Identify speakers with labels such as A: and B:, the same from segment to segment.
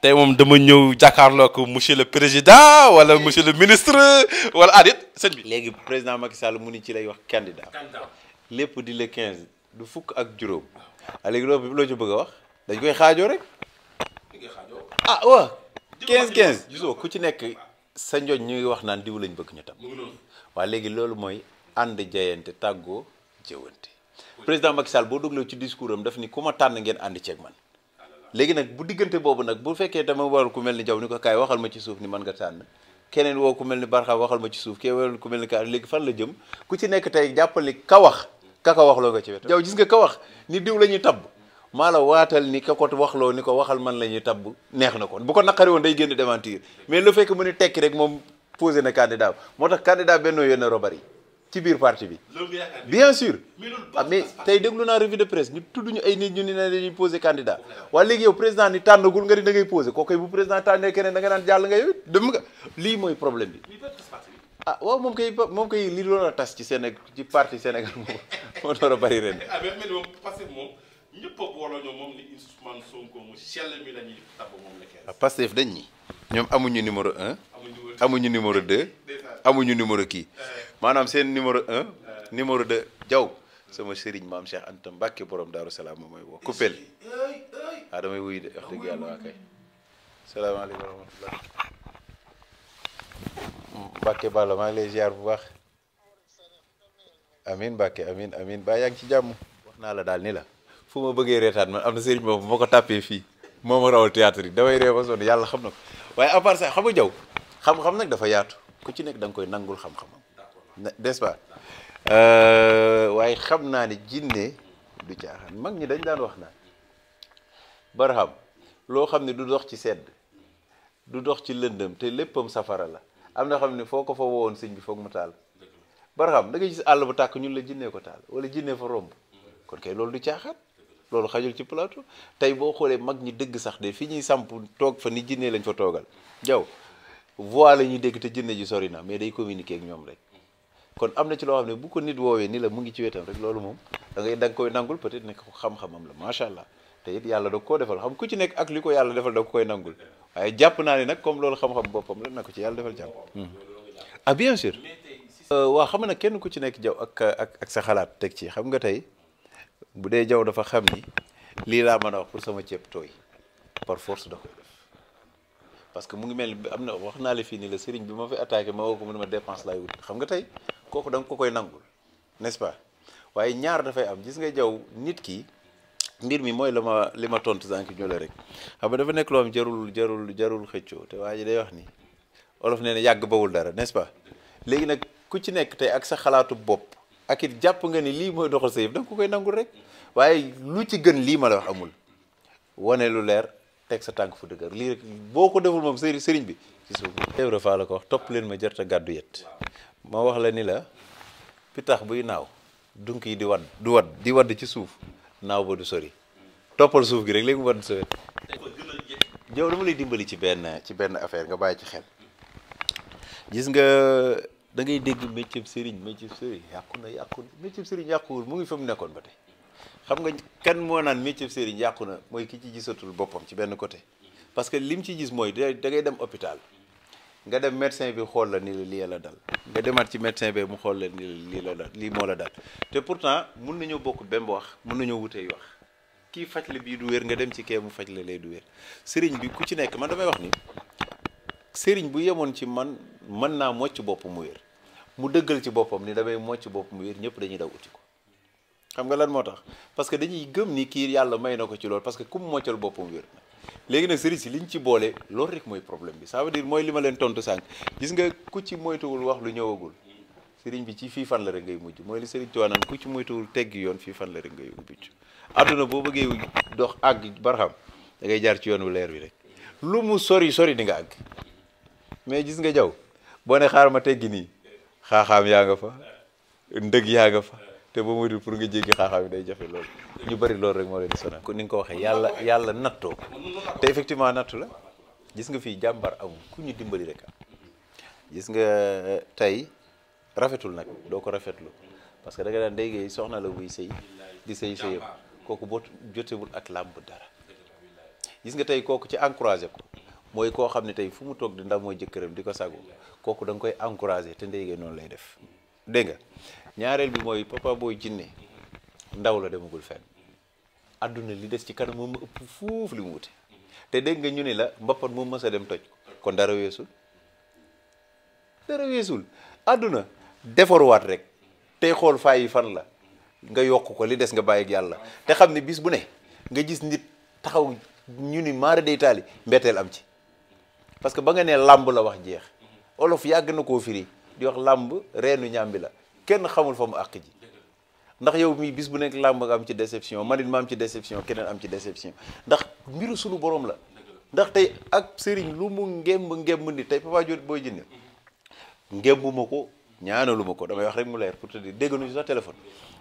A: tey moom dama ñëw jàkkaarlooku monsieur le président wala monsieur le ministre wala adit ah, sëñ bi. léegi président Macky Sall mu ni ci lay wax candidat lépp di le quinze du fukk ak juróom ah. Ah, léegi loolu bëgg a wax dañ koy xaajoo rek ah waaw quinze quinze ku ci nekk sa njoñ ñu ngi wax naan diw lañ bëgg ñu tam waa léegi loolu mooy ànd jayante tàggoo jëwante président Macky Sall boo dégloo ci discours am daf ni ku ma tànn ngeen ànd ceeg man léegi nag bu diggante boobu nag bu fekkee tamit waral ku mel ni jaw ni ko kaay waxal ma ci suuf ni man nga tànn keneen woo ku mel ni barxaam waxal ma ci suuf kee waral ku mel ni kaay léegi fan la jëm ku ci nekk tey jàppali ka wax ka waxloo nga ci wet jaw gis nga ka wax ni diw la ñuy tabb maa la waatal ni ka ko waxloo ni ko waxal man la ñuy tabb neex na ko bu ko naqari woon day génn démentir mais lu fekk mu ni tekki rek moom posé na candidat moo tax candidat bennoo yéen a robari ci biir parti bi. bien sûr. mais ah, tey déglu naa revue de presse ñu tudd ñu ay ni ñu ne ne dañuy posé candidat waaye léegi yow président ni tànnagul nga ni da ngay posé kooku bu président tànnee keneen da nga naan jàll nga yow dem nga lii mooy problème bi. ah waaw moom kay moom kay li doon a tas ci Sénégal ci parti Sénégal moom moo door a bëri ren. ah moom parce que moom ñëpp a booloo moom ni Ousmane mi la ñuy ah, dañ ñi ñoom amuñu numéro un. amuñu numéro 2 amuñu numéro kii maanaam seen numéro 1 numéro 2 jaw sama sëriñ maam Cheikh Anta Mbacke borom Daaru Salaam moom mooy woo kuppel ah damay wuyu maa ngi lay ziar bu baax amin Mbacke amin amin ba yaa ngi ci jàmm wax naa la daal ni la fu ma bëggee reetaan man am na sëriñ boobu moo ko tàppee fii moo ma rawal théâtre yi damay ree ba sonn yàlla xam na ko waaye à part ça xam nga jaw xam-xam nag dafa yaatu ku ci nekk danga koy nangul xam-xamam n'est-ce euh, waaye xam naa ni jinne du caaxaan mag ñi dañ daan wax naan baraham loo xam ne du dox ci sedd du dox ci lëndëm te léppam safara la am na xam ne foo ko fa wowoon sëñ bi foog mu taal baraham da nga gis àll bu tàkk ñun la jinnee ko taal wala jinnee fa romb kon kay loolu du caaxaan loolu xajul ci plateau tey boo xoolee mag ñi dëgg sax de fi ñuy samp toog fa ni jinne lañ fa toogal jaw voix la ñuy dégg te jinne ji sori na mais day communiquer ak ñoom rek kon am na ci loo xam ne bu ko nit woowee ni la mu ngi ci wetam rek loolu moom da da nga koy nangul peut-être ne la macha allah te yàlla da koo defal xam ku ci nekk ak li ko yàlla defal da ko koy nangul jàpp naa ne nag comme loolu xam-xam boppam la na ko ci yàlla defal jàmm hmm. ah bien sûr euh, waa xam na kenn ku ci nekk jaw ak ak sa xalaat teg ci xam nga tey bu dee jaw dafa xam ni lii laa mën a wax pour sama ceeb tooy par force da koy def parce que mu ngi mel ni am na wax naa la fii nii la sëriñ bi ma fi attaqué ma woo ko mu ne ma dépense wut xam nga tey kooku da ko koy nangul n'est-ce waaye ñaar dafay am gis nga jaw nit ki mbir mi mooy la ma li ma tontu sànq ñu rek xam nga dafa nekk loo am jarul jarul jarul xëccoo te waa ji wax ni olof nee yàgg bawul dara n'est-ce léegi nag ku ci nekk tey ak sa xalaatu bopp ak it jàpp nga ni lii mooy doxal sa yëf koy nangul rek waaye lu ci gën lii ma la wax amul wane lu leer teg sa tànk fu dëgër lii rek boo ko deful moom sëriñ sëriñ bi ci suuf Ibra Faal la ko wax topp leen ma jërta gàddu yet ma wax la ni la pitax buy naaw dunk yi di wadd du wadd di wadd ci suuf naaw ba du sori toppal suuf gi rek léegi mu wadd sa jow dama lay dimbali ci benn ci benn affaire nga bàyyi ci xel gis nga dangay ngay dégg métier sëriñ métier sëriñ yàqu na yàqu na métier sëriñ yàquwul mu ngi fa mu nekkoon ba tey xam nga kenn moo naan métier sëriñ yàqu na mooy ki ci gisatul boppam ci benn côté parce que lim ci gis mooy da ngay dem hôpital nga dem médecin bi xool la ni la lii dal nga ci médecin bi mu xool la ni la lii la moo la dal te pourtant mun nañoo bokk benn wax mun nañoo wutee wax kii faj la bii du wér nga dem ci kee mu faj la lay du wér sëriñ bi ku ci nekk man damay wax ni sëriñ bu yemoon ci man mën naa mocc bopp mu wér mu dëggal ci boppam ni damay mocc bopp mu wér ñëpp dañuy daw uti ko xam nga lan moo tax parce que dañuy gëm ni kii yàlla may na ko ci lool parce que ku mu moccal boppam wér na léegi nag sëriñ si liñ ci boole loolu rek mooy problème bi ça veut dire mooy li ma leen tontu sànq gis nga ku ci moytuwul wax lu ñëwagul sëriñ bi ci fii fan la rek ngay mujj mooy li sëriñ Tuubaa naan ku ci moytuwul teggi yoon fii fan la rek ngay mujj àdduna boo bëggee dox àgg barxam da ngay jaar ci yoon wu leer bi rek lu mu sori sori di nga àgg mais gis nga jaw boo ne xaar ma teggi nii xaaxaam yaa nga fa ndëg yaa te boo moytu pour nga jéggi xaaxaa bi day jafe loolu ñu bari loolu rek moo leen sonal kon ni nga ko waxee yàlla yàlla nattoo te effectivement nattu la gis nga fii jàmbar amul ku ñu dimbali rek gis nga euh, tey rafetul nag doo ko rafetlu parce que da nga daan soxna la buy sëy di sëy sëyam kooku boo jotewul ak làmb dara gis nga tey kooku ci encouragé ko mooy koo xam ne tey fu mu toog di ndax mooy jëkkëram di ko sagu kooku da nga koy encouragé te ndéygee noonu lay def dégg ñaareel bi mooy Papa booy jinne ndaw la demagul fen àdduna li des ci kanam moom ma ëpp foofu li mu wute te dégg nga ñu ne la mbappat moom mës a dem toj kon dara weesul dara weesul àdduna defaruwaat rek tey xool faay fan la nga yokk ko li des nga bàyyi yàlla te xam ne bis bu ne nga gis nit taxaw ñu ni maara day taali mbetteel am ci parce que ba nga nee làmb la wax jeex olof yàgg na koo firi di wax làmb reenu ñàmbi la kenn xamul fa mu àq ji ndax yow mii bis bu nekk làmb nga am ci déception man it ma am ci déception keneen am ci déception ndax mbiru sunu boroom la ndax tey ak sëriñ lu mu ngemb ngemb ni tey Papa Diop Boy Djiné ngemb ma ko ñaanalu ma ko damay wax rek mu leer pour te dire dégg nañu sax téléphone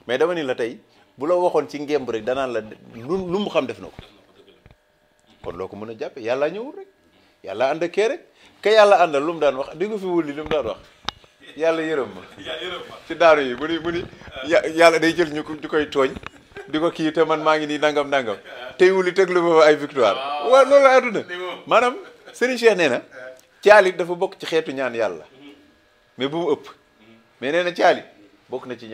A: mais dama ni la tey bu la waxoon ci ngemb rek danaan la lu lu mu xam def na ko kon loo ko mën a jàppe yàllaa ñëwul rek yàlla ànd ak kee rek ka yàlla àndal lu mu daan wax dégg nga li mu wax yàlla yërëm ma ci daara yi mu ni mu ni ah. yàlla day jël ñu ñu koy tooñ di ko kii te man maa ngi nii nangam nangam ah. teywuli teg lu ma ay victoire waaw loolu àdduna maanaam Serigne Cheikh nee na caali dafa bokk ci xeetu ñaan yàlla mm-hmm. mais bu mu ëpp mm-hmm. mais nee na caali bokk na ci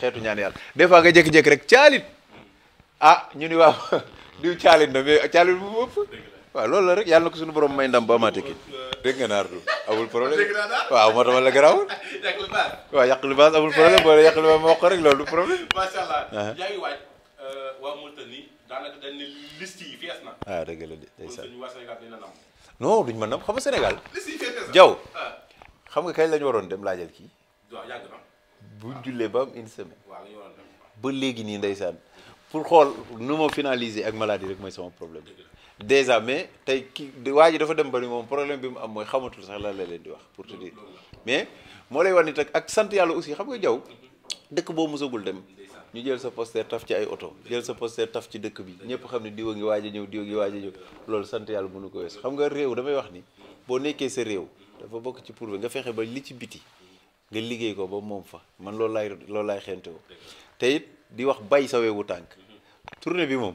A: xeetu ñaan yàlla des fois nga jékki-jékki rek caalit mm-hmm. ah ñu ni waaw diw caalit na mais caalit bu mu ëpp waaw loolu la rek yàlla na ko suñu borom may ndam ba amaate ki dégg nga naar du amul problème waaw moo tax wala garaawul waaw yàq li baas amul problème boo yàq li baas ma wax ko rek loolu du problème macha allah ah. yaa ngi waaj euh, waa Mauritanie na ah dëgg mën xam nga Sénégal jaw ah. xam nga kañ lañu waroon dem laajal kii buñ jullee ba am une semaine ba léegi nii ndeysaan pour xool nu ma finaliser ak maladie rek mooy sama problème dèjà mais tey ki waa ji dafa dem ba ni moom problème bi mu am mooy xamatul sax lan la leen di wax pour te mais moo lay wan ni tak ak sant yàlla aussi xam nga jaw dëkk boo musagul dem ñu jël sa poster taf ci ay oto jël sa poster taf ci dëkk bi ñëpp xam ne diwa ngi waaj a ñëw diwa ngi waaj ñëw loolu sant yàlla mënu ko wees xam nga réew damay wax ni boo nekkee sa réew dafa bokk ci pourbe nga fexe ba li ci biti nga liggéey ko ba moom fa man loolu laay loolu laay xente wo te di wax bay sa weewu tànk bi moom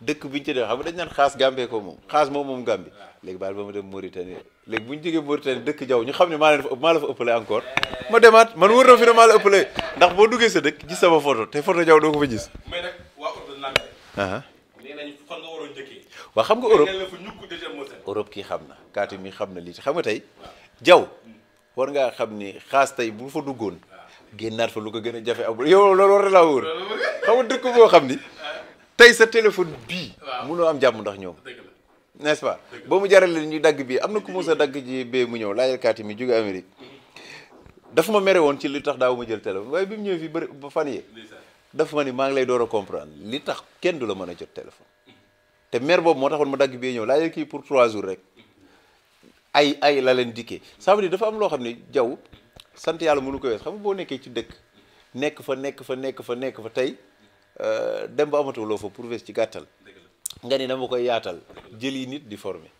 A: dëkk bu ñu ci def xam nga dañ naan xaas Gambie ko moom xaas moom moom Gambie léegi baal ba ma dem Mauritanie léegi bu ñu jógee Mauritanie dëkk jaww ñu xam ne maa leen fa maa la fa encore ma demaat man wër na fi ne maa la ëppale ndax boo duggee sa dëkk gis sama photo te photo jaww doo ko fa gis. la. nee ah ah. xam nga Europe Europe kii xam na kaati mi xam na lii xam nga tey jaww war ngaa xam ni xaas tey bu fa duggoon ah. naat fa lu ko gën a jafe amul yow loolu war na laa wóor xam nga dëkk boo xam ni tey sa téléphone bii. mënoo am jàmm ndax ñoom. n'est-ce pas ba mu jarale ñuy dagg bi am na ku mos dagg ji bee mu ñëw laajal kaati mi jóge Amérique mm-hmm. dafa ma mere woon ci li tax daaw ma jël téléphone waaye bi mu ñëwee fii bëri ba fan yee dafa ma ni maa ngi lay door a comprendre li tax kenn du la mën a jot téléphone mm-hmm. te mer boobu moo taxoon ma dagg bee ñëw laajal kii pour trois jours rek mm-hmm. ay ay la leen dikkee ça veut dafa am loo xam ne jaww sant yàlla mënu ko wees xam boo nekkee ci dëkk nekk fa nekk fa nekk fa nekk fa tey Euh, dem ba amatuloo fa prouver ci gàttal nga ni dama koy yaatal jëli nit di former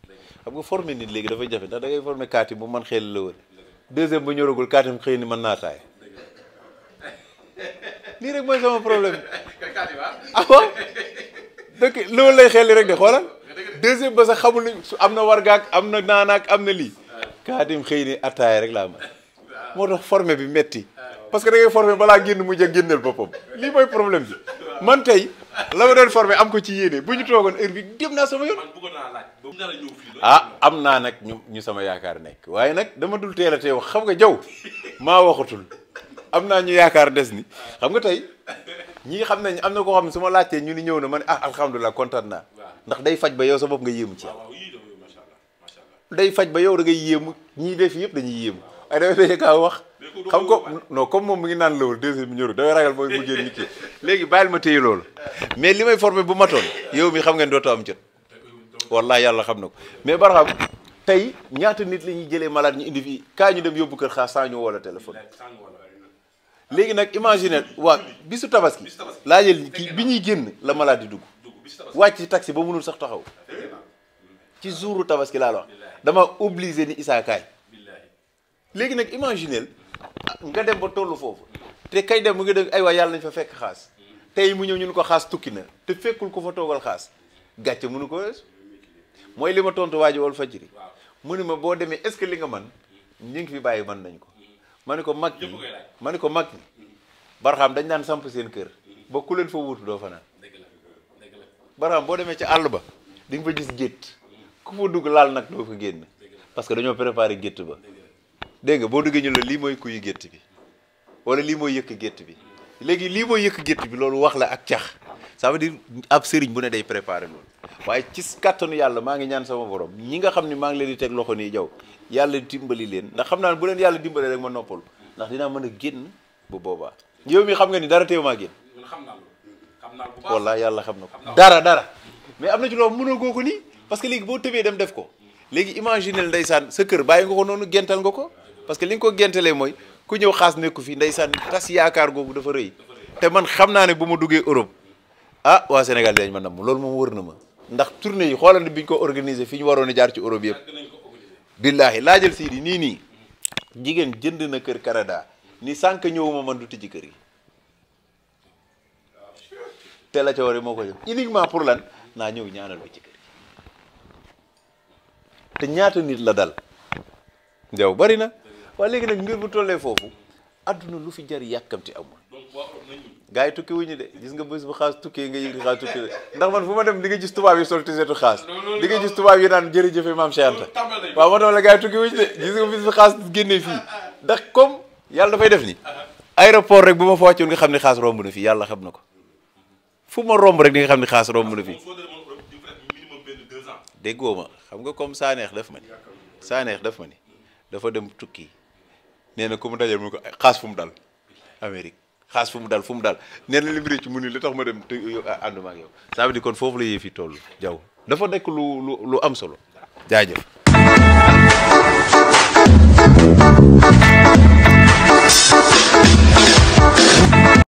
A: xam nga former nit léegi dafay jafe ndax da ngay former kaati bu man xel la woon deuxième ba ñoragul kaati xëy ni man naa taay lii rek mooy sama problème ah loolu lay xel rek de xoolal ba sax xamul su am na wargaak am na naanaak am na lii xëy ni rek laa moo tax formé bi metti parce que da ngay balaa génn mu ja génneel boppam lii mooy problème bi man tey la ma doon formé am ko ci yéene bu ñu toogoon heure bi dem naa sama yoon. ah am naa nag ñu ñu sama yaakaar nekk waaye nag dama dul teel a teew xam nga jaw maa waxatul am naa ñu yaakaar des ni xam nga tey ñii xam nañ am na koo xam ne su ma laajtee ñu ni ñëw na ma ne ah alhamdulilah kontaan naa ndax day faj ba yow sa bopp nga yéemu ci day faj ba yow da ngay yéemu ñii def yëpp dañuy yéemu ay dafay kaa wax. xam ko non comme moom mu ngi naan lawul deuxième bi ñëru dafay ragal mooy mujjee nit ki léegi bàyyil ma téye loolu mais li may formé bu matoon yow mi xam ngeen dootoo am jot wallaay yàlla xam na ko mais Barham tey ñaata nit la ñuy jëlee malade ñu indi fii kaa ñu dem yóbbu kër xaar sans ñu woo la téléphone léegi nag imaginer waa bisu tabaski laa jël kii bi ñuy génn la malade di dugg wàcc ci taxi ba mënul sax taxaw ci jouru tabaski laa la wax dama obligé ni isaakaay léegi nag imaginer nga dem ba tollu foofu te kay dem mu ngi dem ay waay yàlla nañ fa fekk xaas tey mu ñëw ñu ne ko xaas tukki na te fekkul ko fa toogal xaas mu mënu ko mooy li ma tontu waa ji wal fajiri mu ne ma boo demee est-ce que li nga man ñu ngi fi bàyyi mën nañ ko ma ne ko mag ñi ma ne ko mag ñi barxaam dañ daan samp seen kër ba ku leen fa doo fa naan barxaam boo demee ci àll ba di nga fa gis gétt ku fa dugg laal nag doo fa génn parce que dañoo préparé gétt ba dégg nga boo duggee ñu la lii mooy kuy gétt bi wala lii mooy yëkk gétt bi léegi lii mooy yëkk gétt bi loolu wax la ak cax ça veut dire ab sëriñ bu ne day préparer loolu waaye cis kàttanu yàlla maa ngi ñaan sama borom ñi nga xam ni maa ngi leen di teg loxo nii jaw yàlla dimbali leen ndax xam naa bu leen yàlla dimbali rek ma noppal ndax dinaa mën a génn bu boobaa yow mi xam nga ni dara teew maa génn walla yàlla xam na ko dara dara mais am na ci loo mënoo goo ko nii parce que léegi boo tëbee dem def ko léegi imaginel ndeysaan sa kër bàyyi nga ko noonu gental nga ko parce que li nga ko géntalee mooy ku ñëw xaas nekku fi ndeysaan tas yaakaar googu dafa rëy te man xam naa ne bu ma duggee Europe ah waa Sénégal dañ ma mu loolu moom wër na ma ndax tournée yi xoolal ne bi ñu ko organisé fi ñu waroon a jaar ci Europe yëpp billaahi laa jël sii di nii nii jigéen jënd na kër Canada ni sànq ñëwuma man du tijji kër yi te la ca war moo ko jëm uniquement pour lan naa ñëw ñaanal ko ci kër te ñaata nit la dal bari na waaye léegi nag mbir bu tollee foofu adduna lu fi jar yàkkamti amul gars yi tukki wuñu de gis nga bés bu xaas tukkee nga yëg di xaas tukki ndax man fu ma dem di nga gis tubaab yi sol tiseetu xaas di nga gis tubaab yi naan jërëjëfe maam Cheikh Anta waaw ma doon la gars yi tukki wuñu de gis nga bés bu xaas génnee fii ndax comme yàlla dafay def ni aéroport rek bu ma fa wàccoon nga xam ne xaas romb na fii yàlla xam na ko fu ma romb rek di nga xam ne xaas romb na fii ma xam nga comme Saneex daf ma ni Saneex dafa dem tukki nee na ku mu dajal mu ko xaas fu mu dal Amérique xaas fu mu dal fu mu dal nee na li mu rëcc mu ni li tax ma dem te ànduma ak yow ça veut kon foofu la yëf yi jaw dafa nekk lu lu lu am solo